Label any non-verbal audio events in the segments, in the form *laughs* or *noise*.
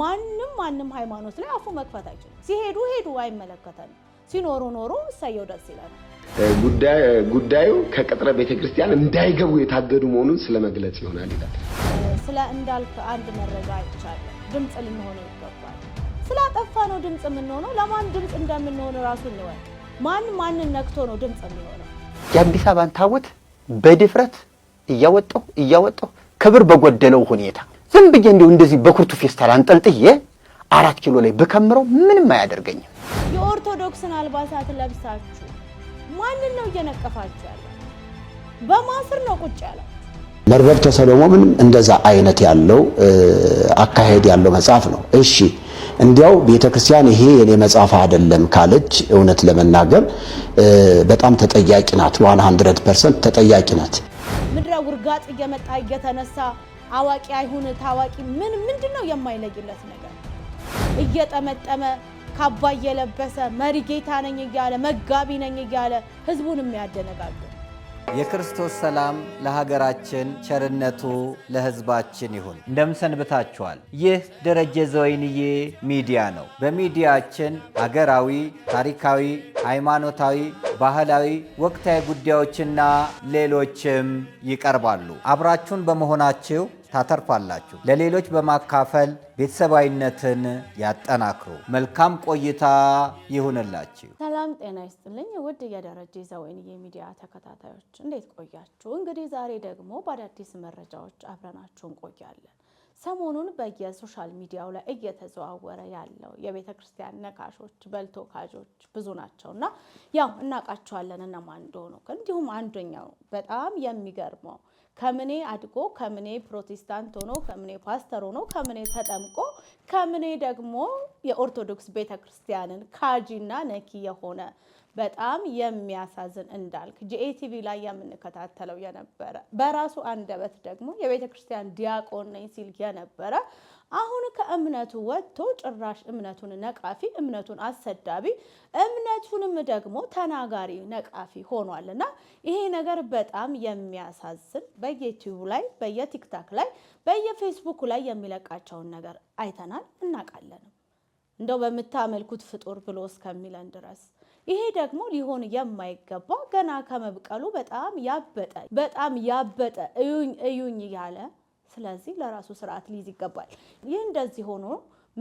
ማንም ማንም ሃይማኖት ላይ አፉ መክፈት አይችልም። ሲሄዱ ሄዱ፣ አይመለከተን። ሲኖሩ ኖሩ፣ እሰየው ደስ ይላል። ጉዳዩ ከቅጥረ ቤተክርስቲያን እንዳይገቡ የታገዱ መሆኑን ስለ መግለጽ ይሆናል ይላል። ስለ እንዳልክ አንድ መረጃ አይቻለሁ። ድምፅ ልንሆነው ይገባል። ስላጠፋ ነው ድምፅ የምንሆነው። ለማን ድምፅ እንደምንሆነ ራሱ እንወል። ማን ማንን ነክቶ ነው ድምፅ የሚሆነው? የአዲስ አበባን ታቦት በድፍረት እያወጣሁ እያወጣሁ ክብር በጎደለው ሁኔታ ዝም ብዬ እንዲሁ እንደዚህ በኩርቱ ፌስታል አንጠልጥዬ አራት ኪሎ ላይ ብከምረው ምንም አያደርገኝም። የኦርቶዶክስን አልባሳት ለብሳችሁ ማንን ነው እየነቀፋችሁ ያለ? በማስር ነው ቁጭ ያለ። መርበብተ ሰሎሞንም እንደዛ አይነት ያለው አካሄድ ያለው መጽሐፍ ነው። እሺ እንዲያው ቤተ ክርስቲያን ይሄ የኔ መጽሐፍ አይደለም ካለች እውነት ለመናገር በጣም ተጠያቂ ናት። 100% ፐርሰንት ተጠያቂ ናት። ምድረ ውርጋጥ እየመጣ እየተነሳ አዋቂ አይሁን ታዋቂ ምን ምንድን ነው የማይለይለት ነገር እየጠመጠመ ካባ እየለበሰ መሪ ጌታ ነኝ እያለ መጋቢ ነኝ እያለ ህዝቡን የሚያደነጋግር የክርስቶስ ሰላም ለሀገራችን ቸርነቱ ለህዝባችን ይሁን። እንደምሰንብታችኋል። ይህ ደረጀ ዘወይንዬ ሚዲያ ነው። በሚዲያችን ሀገራዊ፣ ታሪካዊ፣ ሃይማኖታዊ፣ ባህላዊ፣ ወቅታዊ ጉዳዮችና ሌሎችም ይቀርባሉ። አብራችሁን በመሆናችሁ ታተርፋላችሁ። ለሌሎች በማካፈል ቤተሰባዊነትን ያጠናክሩ። መልካም ቆይታ ይሁንላችሁ። ሰላም ጤና ይስጥልኝ። ውድ እያደረጀ ዘወይን ሚዲያ ተከታታዮች እንዴት ቆያችሁ? እንግዲህ ዛሬ ደግሞ በአዳዲስ መረጃዎች አብረናችሁ እንቆያለን። ሰሞኑን በየሶሻል ሚዲያው ላይ እየተዘዋወረ ያለው የቤተ ክርስቲያን ነካሾች በልቶ ካዦች ብዙ ናቸው እና ያው እናውቃቸዋለን እነማን እንደሆኑ። እንዲሁም አንደኛው በጣም የሚገርመው ከምኔ አድጎ ከምኔ ፕሮቴስታንት ሆኖ ከምኔ ፓስተር ሆኖ ከምኔ ተጠምቆ ከምኔ ደግሞ የኦርቶዶክስ ቤተክርስቲያንን ካጂና ነኪ የሆነ በጣም የሚያሳዝን እንዳልክ ጂኤቲቪ ላይ የምንከታተለው የነበረ በራሱ አንደበት ደግሞ ክርስቲያን ዲያቆን ነኝ ሲል የነበረ አሁን ከእምነቱ ወጥቶ ጭራሽ እምነቱን ነቃፊ፣ እምነቱን አሰዳቢ፣ እምነቱንም ደግሞ ተናጋሪ ነቃፊ ሆኗልና ይሄ ነገር በጣም የሚያሳዝን በዩቲዩብ ላይ በየቲክታክ ላይ በየፌስቡክ ላይ የሚለቃቸውን ነገር አይተናል እናውቃለንም። እንደው በምታመልኩት ፍጡር ብሎ እስከሚለን ድረስ ይሄ ደግሞ ሊሆን የማይገባ ገና ከመብቀሉ በጣም ያበጠ በጣም ያበጠ እዩኝ እዩኝ ያለ ስለዚህ ለራሱ ስርዓት ሊይዝ ይገባል። ይህ እንደዚህ ሆኖ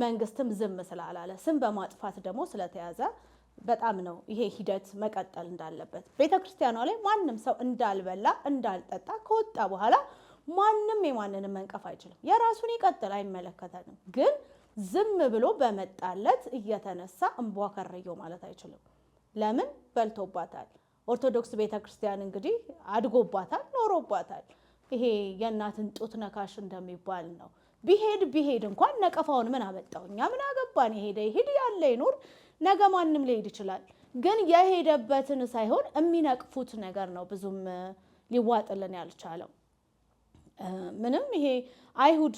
መንግስትም ዝም ስላላለ ስም በማጥፋት ደግሞ ስለተያዘ በጣም ነው ይሄ ሂደት መቀጠል እንዳለበት። ቤተ ክርስቲያኗ ላይ ማንም ሰው እንዳልበላ እንዳልጠጣ ከወጣ በኋላ ማንም የማንንም መንቀፍ አይችልም። የራሱን ይቀጥል፣ አይመለከተንም። ግን ዝም ብሎ በመጣለት እየተነሳ እንቧ ከረየው ማለት አይችልም። ለምን በልቶባታል። ኦርቶዶክስ ቤተ ክርስቲያን እንግዲህ አድጎባታል፣ ኖሮባታል። ይሄ የእናትን ጡት ነካሽ እንደሚባል ነው። ቢሄድ ቢሄድ እንኳን ነቀፋውን ምን አመጣው? እኛ ምን አገባን? የሄደ ይሄድ፣ ያለ ይኑር። ነገ ማንም ሊሄድ ይችላል። ግን የሄደበትን ሳይሆን የሚነቅፉት ነገር ነው ብዙም ሊዋጥልን ያልቻለው። ምንም ይሄ አይሁድ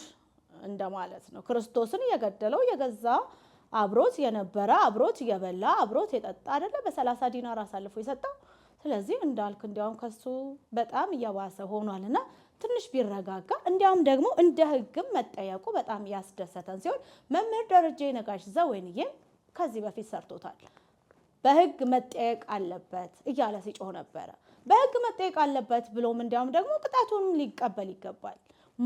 እንደማለት ነው። ክርስቶስን የገደለው የገዛ አብሮት የነበረ አብሮት የበላ አብሮት የጠጣ አደለ በሰላሳ ዲናር አሳልፎ የሰጠው። ስለዚህ እንዳልክ እንዲያውም ከሱ በጣም እየባሰ ሆኗልና ትንሽ ቢረጋጋ እንዲያውም ደግሞ እንደ ህግም መጠየቁ በጣም ያስደሰተን ሲሆን መምህር ደረጀ ነጋሽ ዘወይንዬ ከዚህ በፊት ሰርቶታል። በህግ መጠየቅ አለበት እያለ ሲጮህ ነበረ። በህግ መጠየቅ አለበት ብሎም እንዲያውም ደግሞ ቅጣቱን ሊቀበል ይገባል።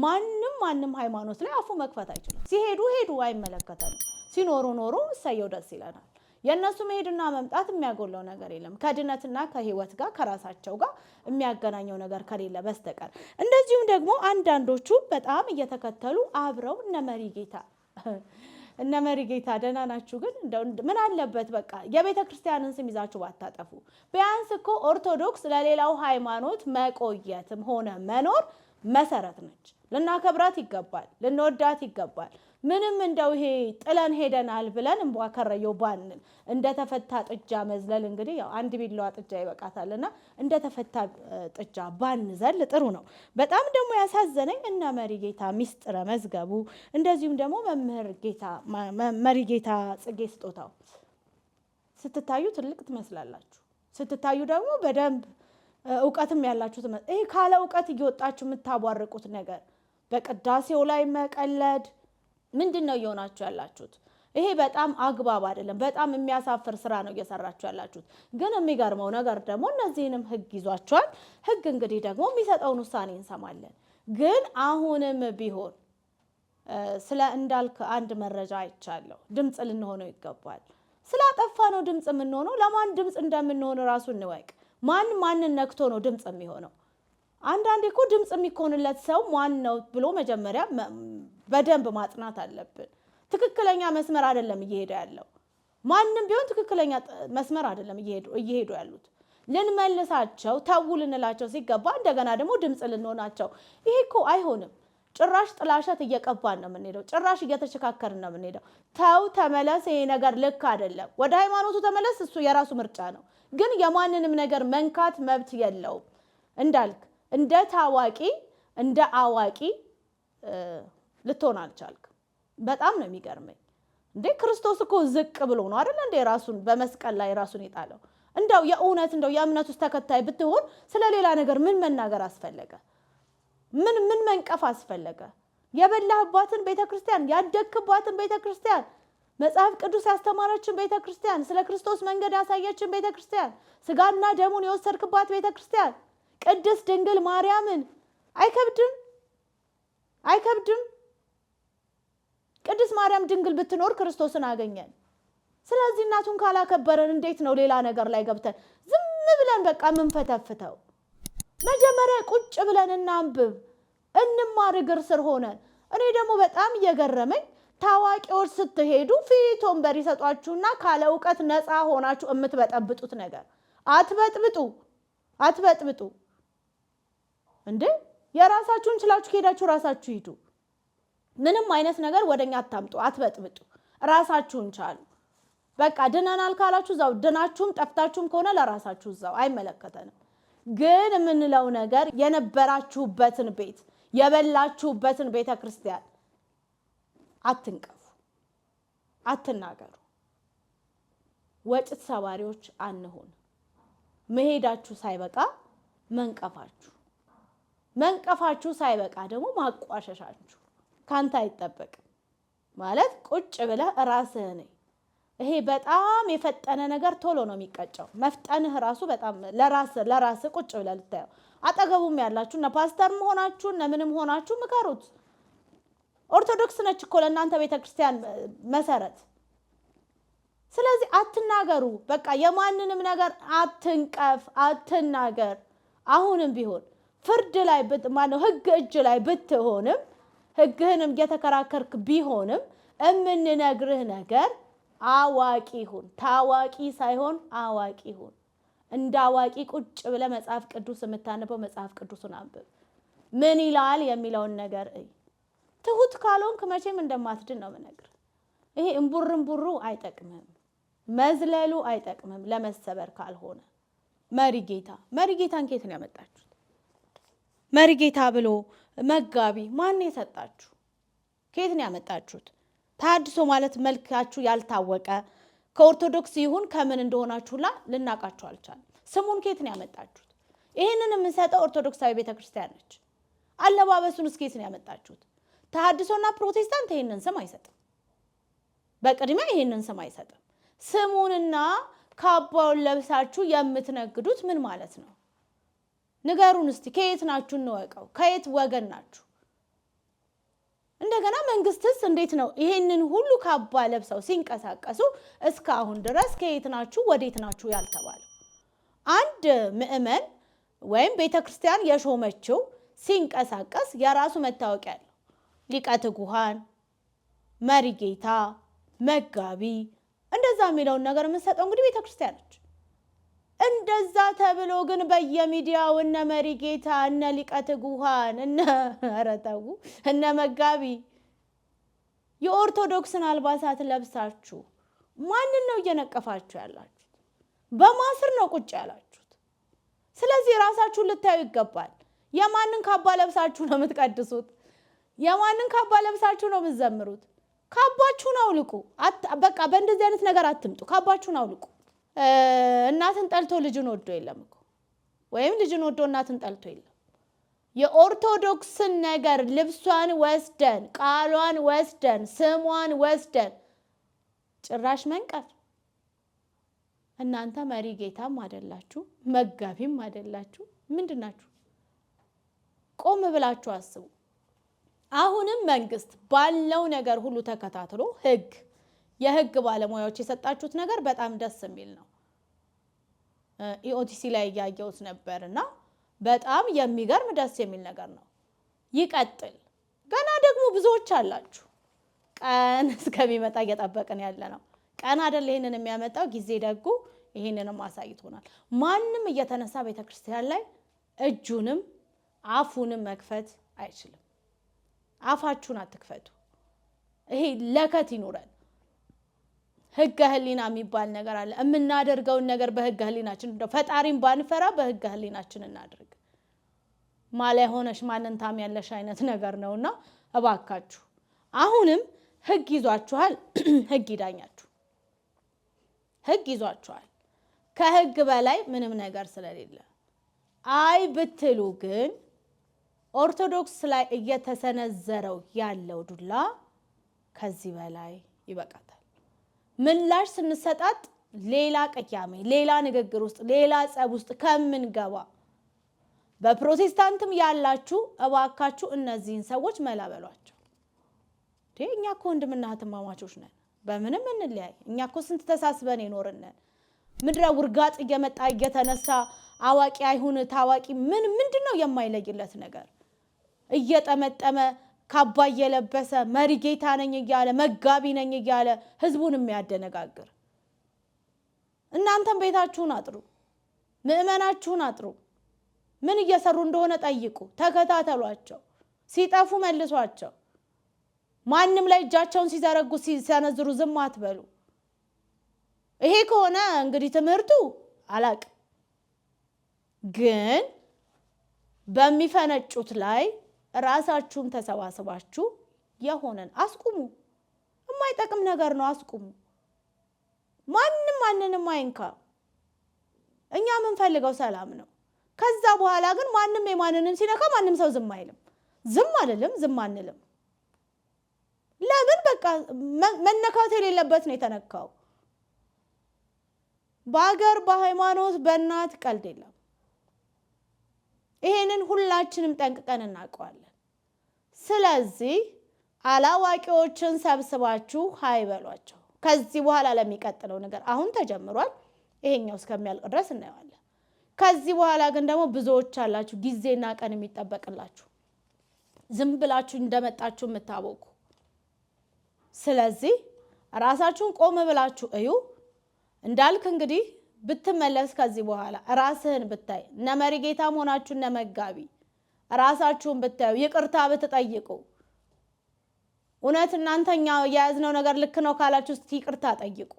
ማንም ማንም ሃይማኖት ላይ አፉ መክፈት አይችልም። ሲሄዱ ሄዱ፣ አይመለከተንም። ሲኖሩ ኖሩ፣ እሰየው፣ ደስ ይለናል። የእነሱ መሄድና መምጣት የሚያጎለው ነገር የለም ከድነትና ከህይወት ጋር ከራሳቸው ጋር የሚያገናኘው ነገር ከሌለ በስተቀር። እንደዚሁም ደግሞ አንዳንዶቹ በጣም እየተከተሉ አብረው እነ መሪ ጌታ እነ መሪ ጌታ ደህና ናችሁ? ግን ምን አለበት በቃ የቤተ ክርስቲያንን ስም ይዛችሁ ባታጠፉ። ቢያንስ እኮ ኦርቶዶክስ ለሌላው ሃይማኖት መቆየትም ሆነ መኖር መሰረት ነች። ልናከብራት ይገባል፣ ልንወዳት ይገባል። ምንም እንደው ይሄ ጥለን ሄደናል ብለን እንቧ ከረየው ባንል እንደ ተፈታ ጥጃ መዝለል እንግዲህ ያው አንድ ቢላዋ ጥጃ ይበቃታልና እንደ ተፈታ ጥጃ ባንዘል ጥሩ ነው። በጣም ደግሞ ያሳዘነኝ እነ ጌታ ሚስጥረ መዝገቡ እንደዚሁም ደግሞ መምህር ጌታ መሪጌታ ጽጌ ስጦታው ስትታዩ ትልቅ ትመስላላችሁ፣ ስትታዩ ደግሞ በደንብ እውቀትም ያላችሁ ይሄ ካለ እውቀት እየወጣችሁ የምታቧርቁት ነገር በቅዳሴው ላይ መቀለድ ምንድን ነው እየሆናችሁ ያላችሁት? ይሄ በጣም አግባብ አይደለም። በጣም የሚያሳፍር ስራ ነው እየሰራችሁ ያላችሁት። ግን የሚገርመው ነገር ደግሞ እነዚህንም ህግ ይዟቸዋል። ህግ እንግዲህ ደግሞ የሚሰጠውን ውሳኔ እንሰማለን። ግን አሁንም ቢሆን ስለ እንዳልክ አንድ መረጃ አይቻለሁ። ድምፅ ልንሆነው ይገባል። ስላጠፋ ነው ድምፅ የምንሆነው። ለማን ድምፅ እንደምንሆን ራሱ እንወቅ። ማን ማንን ነክቶ ነው ድምፅ የሚሆነው? አንዳንዴ እኮ ድምፅ የሚኮንለት ሰው ማን ነው ብሎ መጀመሪያ በደንብ ማጥናት አለብን። ትክክለኛ መስመር አይደለም እየሄደ ያለው ማንም ቢሆን ትክክለኛ መስመር አይደለም እየሄዱ ያሉት። ልንመልሳቸው ተዉ ልንላቸው ሲገባ እንደገና ደግሞ ድምፅ ልንሆናቸው፣ ይሄ እኮ አይሆንም። ጭራሽ ጥላሸት እየቀባን ነው የምንሄደው። ጭራሽ እየተሸካከርን ነው የምንሄደው። ተው ተመለስ፣ ይሄ ነገር ልክ አይደለም። ወደ ሃይማኖቱ ተመለስ፣ እሱ የራሱ ምርጫ ነው። ግን የማንንም ነገር መንካት መብት የለውም እንዳልክ እንደ ታዋቂ እንደ አዋቂ ልትሆን አልቻልክም። በጣም ነው የሚገርመኝ። እንዴ ክርስቶስ እኮ ዝቅ ብሎ ነው አይደል እንዴ ራሱን በመስቀል ላይ ራሱን የጣለው። እንደው የእውነት እንደው የእምነት ውስጥ ተከታይ ብትሆን ስለ ሌላ ነገር ምን መናገር አስፈለገ? ምን ምን መንቀፍ አስፈለገ? የበላህባትን ቤተ ክርስቲያን፣ ያደግክባትን ቤተ ክርስቲያን፣ መጽሐፍ ቅዱስ ያስተማረችን ቤተ ክርስቲያን፣ ስለ ክርስቶስ መንገድ ያሳየችን ቤተ ክርስቲያን፣ ስጋና ደሙን የወሰድክባት ቤተ ክርስቲያን ቅድስት ድንግል ማርያምን አይከብድም አይከብድም። ቅድስት ማርያም ድንግል ብትኖር ክርስቶስን አገኘን። ስለዚህ እናቱን ካላከበረን እንዴት ነው ሌላ ነገር ላይ ገብተን ዝም ብለን በቃ የምንፈተፍተው? መጀመሪያ ቁጭ ብለን እናንብብ፣ እንማር እግር ስር ሆነን። እኔ ደግሞ በጣም እየገረመኝ ታዋቂዎች ስትሄዱ ፊት ወንበር ይሰጧችሁና ካለ እውቀት ነፃ ሆናችሁ የምትበጠብጡት ነገር አትበጥብጡ፣ አትበጥብጡ። እንዴ የራሳችሁን ችላችሁ ከሄዳችሁ ራሳችሁ ሂዱ። ምንም አይነት ነገር ወደኛ አታምጡ፣ አትበጥብጡ። ራሳችሁን ቻሉ። በቃ ድነናል ካላችሁ እዛው ድናችሁም ጠፍታችሁም ከሆነ ለራሳችሁ እዛው አይመለከተንም። ግን የምንለው ነገር የነበራችሁበትን ቤት የበላችሁበትን ቤተ ክርስቲያን አትንቀፉ፣ አትናገሩ። ወጭት ሰባሪዎች አንሁን። መሄዳችሁ ሳይበቃ መንቀፋችሁ መንቀፋችሁ ሳይበቃ ደግሞ ማቋሸሻችሁ ካንተ አይጠበቅም። ማለት ቁጭ ብለህ ራስህ ነኝ። ይሄ በጣም የፈጠነ ነገር ቶሎ ነው የሚቀጨው። መፍጠንህ ራሱ በጣም ለራስ ለራስ ቁጭ ብለህ ልታየው። አጠገቡም ያላችሁ እነ ፓስተርም ሆናችሁ እነ ምንም ሆናችሁ ምከሩት። ኦርቶዶክስ ነች እኮ ለእናንተ ቤተ ክርስቲያን መሰረት። ስለዚህ አትናገሩ። በቃ የማንንም ነገር አትንቀፍ፣ አትናገር አሁንም ቢሆን ፍርድ ላይ ማነው ህግ እጅ ላይ ብትሆንም ህግህንም እየተከራከርክ ቢሆንም እምንነግርህ ነገር አዋቂ ሁን። ታዋቂ ሳይሆን አዋቂ ሁን። እንደ አዋቂ ቁጭ ብለህ መጽሐፍ ቅዱስ የምታነበው መጽሐፍ ቅዱሱን አንብብ። ምን ይላል የሚለውን ነገር እይ። ትሁት ካልሆንክ መቼም እንደማትድን ነው የምነግርህ። ይሄ እምቡር እምቡሩ አይጠቅምም፣ መዝለሉ አይጠቅምም። ለመሰበር ካልሆነ መሪ ጌታ መሪ ጌታን ኬት ነው ያመጣችሁት? መሪጌታ ብሎ መጋቢ ማን የሰጣችሁ? ከየት ነው ያመጣችሁት? ተሃድሶ ማለት መልካችሁ ያልታወቀ ከኦርቶዶክስ ይሁን ከምን እንደሆናችሁላ ልናውቃችሁ አልቻልም። ስሙን ከየት ነው ያመጣችሁት? ይህንን የምንሰጠው ኦርቶዶክሳዊ ቤተ ክርስቲያን ነች። አለባበሱን እስከ ነው ያመጣችሁት? ተሃድሶና ፕሮቴስታንት ይህንን ስም አይሰጥም። በቅድሚያ ይህንን ስም አይሰጥም። ስሙንና ካባውን ለብሳችሁ የምትነግዱት ምን ማለት ነው? ንገሩን እስቲ ከየት ናችሁ? እንወቀው ከየት ወገን ናችሁ? እንደገና መንግስትስ እንዴት ነው ይሄንን ሁሉ ካባ ለብሰው ሲንቀሳቀሱ እስካሁን ድረስ ከየት ናችሁ ወዴት ናችሁ ያልተባለው? አንድ ምዕመን ወይም ቤተ ክርስቲያን የሾመችው ሲንቀሳቀስ የራሱ መታወቂያ አለው። ሊቀ ትጉሃን፣ መሪ ጌታ፣ መጋቢ እንደዛ የሚለውን ነገር የምንሰጠው እንግዲህ ቤተ ክርስቲያን እንደዛ ተብሎ ግን በየሚዲያው እነ መሪ ጌታ እነ ሊቀት ጉሃን እነ *laughs* ረጠቡ እነ መጋቢ የኦርቶዶክስን አልባሳት ለብሳችሁ ማንን ነው እየነቀፋችሁ ያላችሁት? በማስር ነው ቁጭ ያላችሁት። ስለዚህ ራሳችሁን ልታዩ ይገባል። የማንን ካባ ለብሳችሁ ነው የምትቀድሱት? የማንን ካባ ለብሳችሁ ነው የምትዘምሩት? ካባችሁን አውልቁ። በቃ በእንደዚህ አይነት ነገር አትምጡ። ካባችሁን አውልቁ። እናትን ጠልቶ ልጅን ወዶ የለም እኮ ወይም ልጅን ወዶ እናትን ጠልቶ የለም። የኦርቶዶክስን ነገር ልብሷን ወስደን ቃሏን ወስደን ስሟን ወስደን ጭራሽ መንቀፍ እናንተ መሪ ጌታም አይደላችሁ፣ መጋቢም አይደላችሁ። ምንድን ናችሁ? ቆም ብላችሁ አስቡ። አሁንም መንግስት ባለው ነገር ሁሉ ተከታትሎ ህግ የህግ ባለሙያዎች የሰጣችሁት ነገር በጣም ደስ የሚል ነው። ኢኦቲሲ ላይ እያየሁት ነበር እና በጣም የሚገርም ደስ የሚል ነገር ነው። ይቀጥል። ገና ደግሞ ብዙዎች አላችሁ። ቀን *laughs* እስከሚመጣ እየጠበቅን ያለ ነው። ቀን አደል ይህንን የሚያመጣው ጊዜ ደጉ ይህንንም አሳይቶናል። ማንም እየተነሳ ቤተክርስቲያን ላይ እጁንም አፉንም መክፈት አይችልም። አፋችሁን አትክፈቱ። ይሄ ለከት ይኑረን። ህገ ህሊና የሚባል ነገር አለ። የምናደርገውን ነገር በህገ ህሊናችን ፈጣሪን ባንፈራ በህገ ህሊናችን እናድርግ። ማላ የሆነች ማንን ያለሽ አይነት ነገር ነውና እባካችሁ አሁንም ህግ ይዟችኋል። *clears throat* ህግ ይዳኛችሁ። ህግ ይዟችኋል። ከህግ በላይ ምንም ነገር ስለሌለ አይ ብትሉ ግን ኦርቶዶክስ ላይ እየተሰነዘረው ያለው ዱላ ከዚህ በላይ ይበቃታል። ምላሽ ስንሰጣጥ ሌላ ቅያሜ፣ ሌላ ንግግር ውስጥ፣ ሌላ ጸብ ውስጥ ከምንገባ በፕሮቴስታንትም ያላችሁ እባካችሁ እነዚህን ሰዎች መላ በሏቸው። እኛ እኮ ወንድምና እህትማማቾች ነን። በምንም እንለያይ። እኛ እኮ ስንት ተሳስበን የኖርነን። ምድረ ውርጋጥ እየመጣ እየተነሳ አዋቂ አይሁን ታዋቂ ምን ምንድን ነው የማይለይለት ነገር እየጠመጠመ ካባ እየለበሰ መሪ ጌታ ነኝ እያለ መጋቢ ነኝ እያለ ህዝቡን የሚያደነጋግር እናንተም ቤታችሁን አጥሩ፣ ምእመናችሁን አጥሩ። ምን እየሰሩ እንደሆነ ጠይቁ፣ ተከታተሏቸው። ሲጠፉ መልሷቸው። ማንም ላይ እጃቸውን ሲዘረጉ ሲሰነዝሩ ዝም አትበሉ። ይሄ ከሆነ እንግዲህ ትምህርቱ አላቅ ግን በሚፈነጩት ላይ ራሳችሁም ተሰባስባችሁ የሆነን አስቁሙ። የማይጠቅም ነገር ነው፣ አስቁሙ። ማንም ማንንም አይንካ። እኛ የምንፈልገው ሰላም ነው። ከዛ በኋላ ግን ማንም የማንንም ሲነካ ማንም ሰው ዝም አይልም። ዝም አልልም፣ ዝም አንልም። ለምን በቃ መነካት የሌለበት ነው የተነካው። በሀገር በሃይማኖት በእናት ቀልድ የለም። ይሄንን ሁላችንም ጠንቅቀን እናውቀዋለን። ስለዚህ አላዋቂዎችን ሰብስባችሁ በሏቸው። ከዚህ በኋላ ለሚቀጥለው ነገር አሁን ተጀምሯል፣ ይሄኛው እስከሚያልቅ ድረስ እናየዋለን። ከዚህ በኋላ ግን ደግሞ ብዙዎች አላችሁ፣ ጊዜና ቀን የሚጠበቅላችሁ ዝም ብላችሁ እንደመጣችሁ የምታወቁ። ስለዚህ ራሳችሁን ቆም ብላችሁ እዩ እንዳልክ እንግዲህ ብትመለስ ከዚህ በኋላ ራስህን ብታይ እነ ጌታ መሆናችሁ እነ መጋቢ ራሳችሁን ብታዩ ይቅርታ ብትጠይቁ እውነት እናንተኛ የያዝነው ነገር ልክ ነው ካላችሁ እስኪ ይቅርታ ጠይቁ።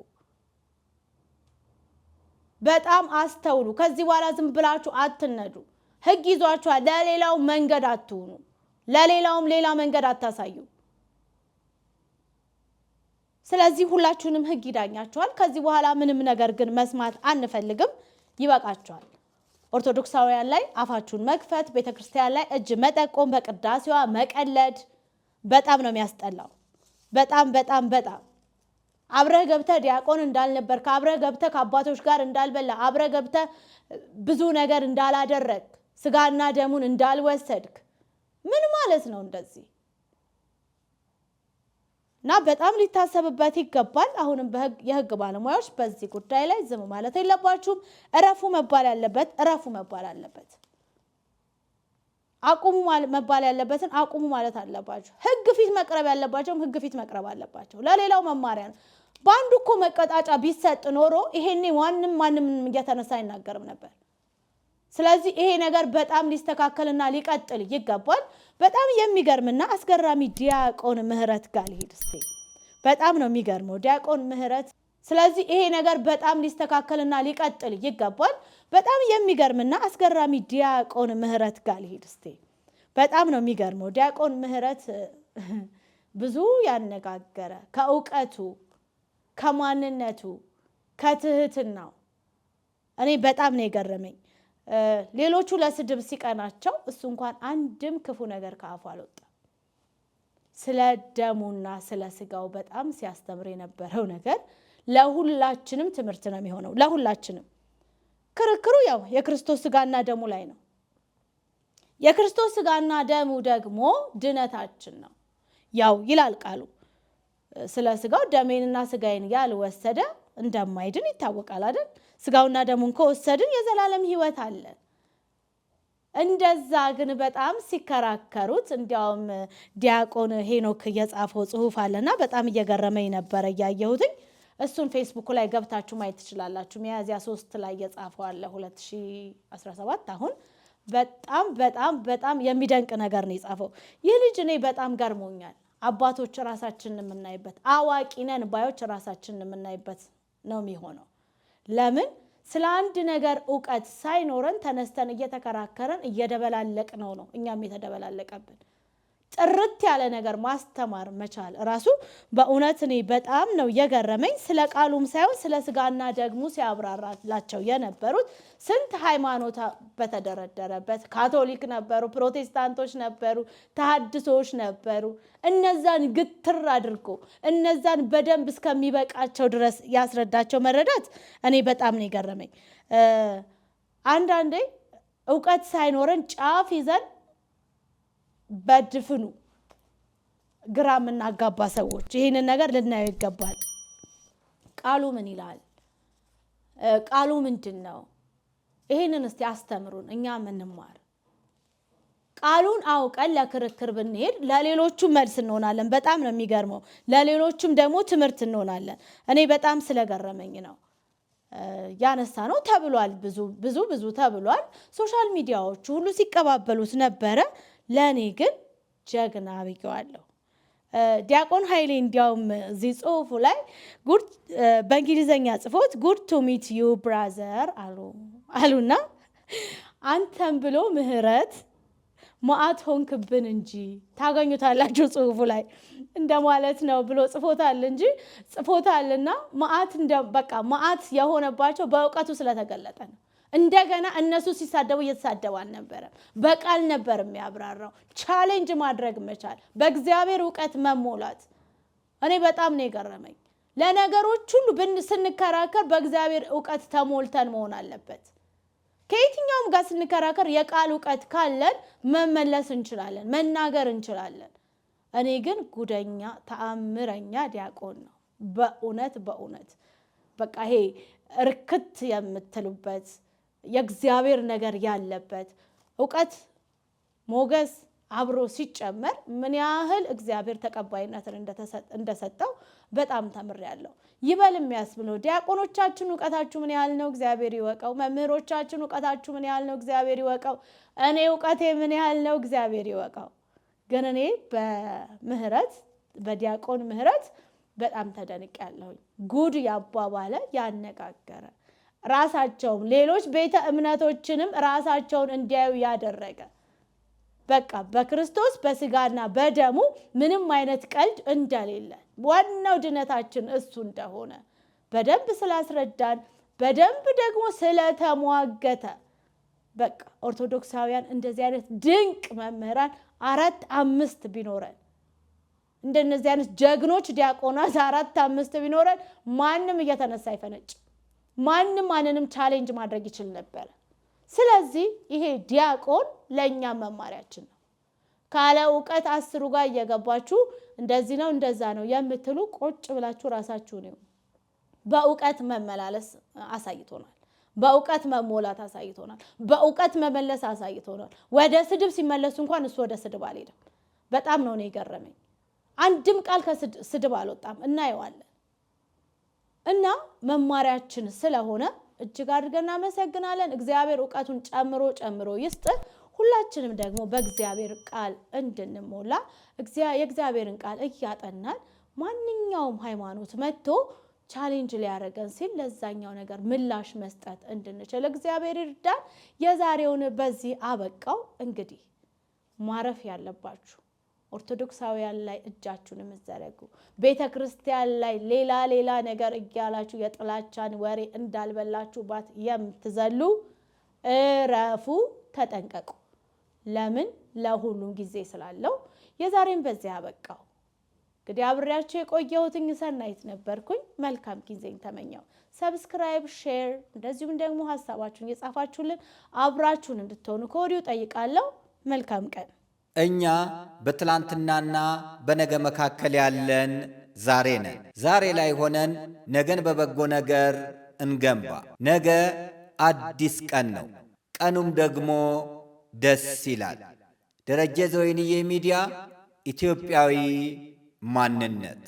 በጣም አስተውሉ። ከዚህ በኋላ ዝም ብላችሁ አትነዱ። ህግ ይዟችኋል። ለሌላው መንገድ አትሆኑ ለሌላውም ሌላ መንገድ አታሳዩ። ስለዚህ ሁላችሁንም ህግ ይዳኛችኋል። ከዚህ በኋላ ምንም ነገር ግን መስማት አንፈልግም፣ ይበቃችኋል። ኦርቶዶክሳውያን ላይ አፋችሁን መክፈት፣ ቤተ ክርስቲያን ላይ እጅ መጠቆም፣ በቅዳሴዋ መቀለድ በጣም ነው የሚያስጠላው። በጣም በጣም በጣም አብረህ ገብተህ ዲያቆን እንዳልነበርክ፣ አብረህ ገብተህ ከአባቶች ጋር እንዳልበላ፣ አብረህ ገብተህ ብዙ ነገር እንዳላደረግ፣ ስጋና ደሙን እንዳልወሰድክ ምን ማለት ነው እንደዚህ እና በጣም ሊታሰብበት ይገባል። አሁንም የህግ ባለሙያዎች በዚህ ጉዳይ ላይ ዝም ማለት የለባችሁም። እረፉ መባል ያለበት እረፉ መባል አለበት። አቁሙ መባል ያለበትን አቁሙ ማለት አለባቸው። ህግ ፊት መቅረብ ያለባቸውም ህግ ፊት መቅረብ አለባቸው። ለሌላው መማሪያ ነው። በአንዱ እኮ መቀጣጫ ቢሰጥ ኖሮ ይሄኔ ዋንም ማንም እየተነሳ አይናገርም ነበር። ስለዚህ ይሄ ነገር በጣም ሊስተካከልና ሊቀጥል ይገባል። በጣም የሚገርምና አስገራሚ ዲያቆን ምህረት ጋር ሊሄድ እስቲ በጣም ነው የሚገርመው ዲያቆን ምህረት። ስለዚህ ይሄ ነገር በጣም ሊስተካከልና ሊቀጥል ይገባል። በጣም የሚገርምና አስገራሚ ዲያቆን ምህረት ጋር ሊሄድ እስቲ በጣም ነው የሚገርመው ዲያቆን ምህረት *laughs* ብዙ ያነጋገረ ከእውቀቱ ከማንነቱ ከትህትናው እኔ በጣም ነው የገረመኝ። ሌሎቹ ለስድብ ሲቀናቸው እሱ እንኳን አንድም ክፉ ነገር ከአፉ አልወጣ ስለ ደሙና ስለ ስጋው በጣም ሲያስተምር የነበረው ነገር ለሁላችንም ትምህርት ነው የሚሆነው። ለሁላችንም ክርክሩ ያው የክርስቶስ ስጋና ደሙ ላይ ነው። የክርስቶስ ስጋና ደሙ ደግሞ ድነታችን ነው። ያው ይላል ቃሉ ስለ ስጋው ደሜንና ስጋዬን ያልወሰደ እንደማይድን ይታወቃል አይደል? ስጋውና ደሙን ከወሰድን የዘላለም ህይወት አለ። እንደዛ ግን በጣም ሲከራከሩት እንዲያውም ዲያቆን ሄኖክ የጻፈው ጽሁፍ አለና በጣም እየገረመኝ ነበረ እያየሁትኝ። እሱን ፌስቡክ ላይ ገብታችሁ ማየት ትችላላችሁ። ሚያዝያ ሶስት ላይ የጻፈው አለ 2017 አሁን በጣም በጣም በጣም የሚደንቅ ነገር ነው የጻፈው ይህ ልጅ። እኔ በጣም ገርሞኛል። አባቶች ራሳችንን የምናይበት አዋቂ ነን ባዮች ራሳችንን የምናይበት ነው የሚሆነው። ለምን ስለ አንድ ነገር እውቀት ሳይኖረን ተነስተን እየተከራከረን እየደበላለቅ ነው ነው እኛም የተደበላለቀብን ጥርት ያለ ነገር ማስተማር መቻል እራሱ በእውነት እኔ በጣም ነው የገረመኝ። ስለ ቃሉም ሳይሆን ስለ ስጋና ደግሞ ሲያብራራላቸው የነበሩት ስንት ሃይማኖት በተደረደረበት ካቶሊክ ነበሩ፣ ፕሮቴስታንቶች ነበሩ፣ ተሃድሶዎች ነበሩ። እነዛን ግትር አድርጎ እነዛን በደንብ እስከሚበቃቸው ድረስ ያስረዳቸው መረዳት እኔ በጣም ነው የገረመኝ። አንዳንዴ እውቀት ሳይኖረን ጫፍ ይዘን በድፍኑ ግራ የምናጋባ ሰዎች ይህንን ነገር ልናየው ይገባል። ቃሉ ምን ይላል? ቃሉ ምንድን ነው? ይህንን እስቲ አስተምሩን፣ እኛ ምንማር ቃሉን አውቀን ለክርክር ብንሄድ ለሌሎቹ መልስ እንሆናለን። በጣም ነው የሚገርመው። ለሌሎቹም ደግሞ ትምህርት እንሆናለን። እኔ በጣም ስለገረመኝ ነው ያነሳ ነው ተብሏል። ብዙ ብዙ ብዙ ተብሏል። ሶሻል ሚዲያዎቹ ሁሉ ሲቀባበሉት ነበረ። ለእኔ ግን ጀግና ብዬዋለሁ። ዲያቆን ኃይሌ እንዲያውም እዚህ ጽሁፉ ላይ በእንግሊዝኛ ጽፎት ጉድ ቱ ሚት ዩ ብራዘር አሉ አሉና አንተን ብሎ ምህረት ማአት ሆንክብን እንጂ ታገኙታላችሁ ጽሁፉ ላይ እንደማለት ነው ብሎ ጽፎታል እንጂ ጽፎታልና መዓት በቃ ማአት የሆነባቸው በእውቀቱ ስለተገለጠ ነው። እንደገና እነሱ ሲሳደቡ እየተሳደቡ አልነበረም፣ በቃል ነበር የሚያብራራው። ቻሌንጅ ማድረግ መቻል፣ በእግዚአብሔር እውቀት መሞላት፣ እኔ በጣም ነው የገረመኝ። ለነገሮች ሁሉ ስንከራከር በእግዚአብሔር እውቀት ተሞልተን መሆን አለበት። ከየትኛውም ጋር ስንከራከር የቃል እውቀት ካለን መመለስ እንችላለን፣ መናገር እንችላለን። እኔ ግን ጉደኛ ተአምረኛ ዲያቆን ነው በእውነት በእውነት በቃ ይሄ እርክት የምትሉበት የእግዚአብሔር ነገር ያለበት እውቀት፣ ሞገስ አብሮ ሲጨመር ምን ያህል እግዚአብሔር ተቀባይነትን እንደሰጠው በጣም ተምሬያለሁ። ይበል የሚያስብለው ዲያቆኖቻችን እውቀታችሁ ምን ያህል ነው እግዚአብሔር ይወቀው። መምህሮቻችን እውቀታችሁ ምን ያህል ነው እግዚአብሔር ይወቀው። እኔ እውቀቴ ምን ያህል ነው እግዚአብሔር ይወቀው። ግን እኔ በምህረት በዲያቆን ምህረት በጣም ተደንቅ ያለሁኝ ጉድ ያባባለ ያነጋገረ ራሳቸውም ሌሎች ቤተ እምነቶችንም ራሳቸውን እንዲያዩ ያደረገ በቃ በክርስቶስ በስጋና በደሙ ምንም አይነት ቀልድ እንደሌለ ዋናው ድነታችን እሱ እንደሆነ በደንብ ስላስረዳን በደንብ ደግሞ ስለተሟገተ በቃ ኦርቶዶክሳውያን እንደዚህ አይነት ድንቅ መምህራን አራት አምስት ቢኖረን እንደነዚህ አይነት ጀግኖች ዲያቆናት አራት አምስት ቢኖረን ማንም እየተነሳ አይፈነጭ። ማንም ማንንም ቻሌንጅ ማድረግ ይችል ነበር። ስለዚህ ይሄ ዲያቆን ለእኛ መማሪያችን ነው። ካለ እውቀት አስሩ ጋር እየገባችሁ እንደዚህ ነው እንደዛ ነው የምትሉ ቁጭ ብላችሁ ራሳችሁን ነው። በእውቀት መመላለስ አሳይቶናል። በእውቀት መሞላት አሳይቶናል። በእውቀት መመለስ አሳይቶናል። ወደ ስድብ ሲመለሱ እንኳን እሱ ወደ ስድብ አልሄደም። በጣም ነው ነው የገረመኝ። አንድም ቃል ከስድብ አልወጣም። እናየዋለን። እና መማሪያችን ስለሆነ እጅግ አድርገን እናመሰግናለን። እግዚአብሔር እውቀቱን ጨምሮ ጨምሮ ይስጥህ። ሁላችንም ደግሞ በእግዚአብሔር ቃል እንድንሞላ የእግዚአብሔርን ቃል እያጠናን ማንኛውም ሃይማኖት መጥቶ ቻሌንጅ ሊያደርገን ሲል ለዛኛው ነገር ምላሽ መስጠት እንድንችል እግዚአብሔር ይርዳን። የዛሬውን በዚህ አበቃው። እንግዲህ ማረፍ ያለባችሁ ኦርቶዶክሳውያን ላይ እጃችሁን የምትዘረጉ ቤተ ክርስቲያን ላይ ሌላ ሌላ ነገር እያላችሁ የጥላቻን ወሬ እንዳልበላችሁባት የምትዘሉ እረፉ፣ ተጠንቀቁ። ለምን ለሁሉም ጊዜ ስላለው። የዛሬን በዚያ ያበቃው። እንግዲህ አብሬያቸው የቆየሁትኝ ሰናይት ነበርኩኝ። መልካም ጊዜን ተመኘው። ሰብስክራይብ፣ ሼር እንደዚሁም ደግሞ ሀሳባችሁን እየጻፋችሁልን አብራችሁን እንድትሆኑ ከወዲሁ ጠይቃለሁ። መልካም ቀን እኛ በትላንትናና በነገ መካከል ያለን ዛሬ ነን። ዛሬ ላይ ሆነን ነገን በበጎ ነገር እንገንባ። ነገ አዲስ ቀን ነው፣ ቀኑም ደግሞ ደስ ይላል። ደረጀ ዘወይንዬ ሚዲያ ኢትዮጵያዊ ማንነት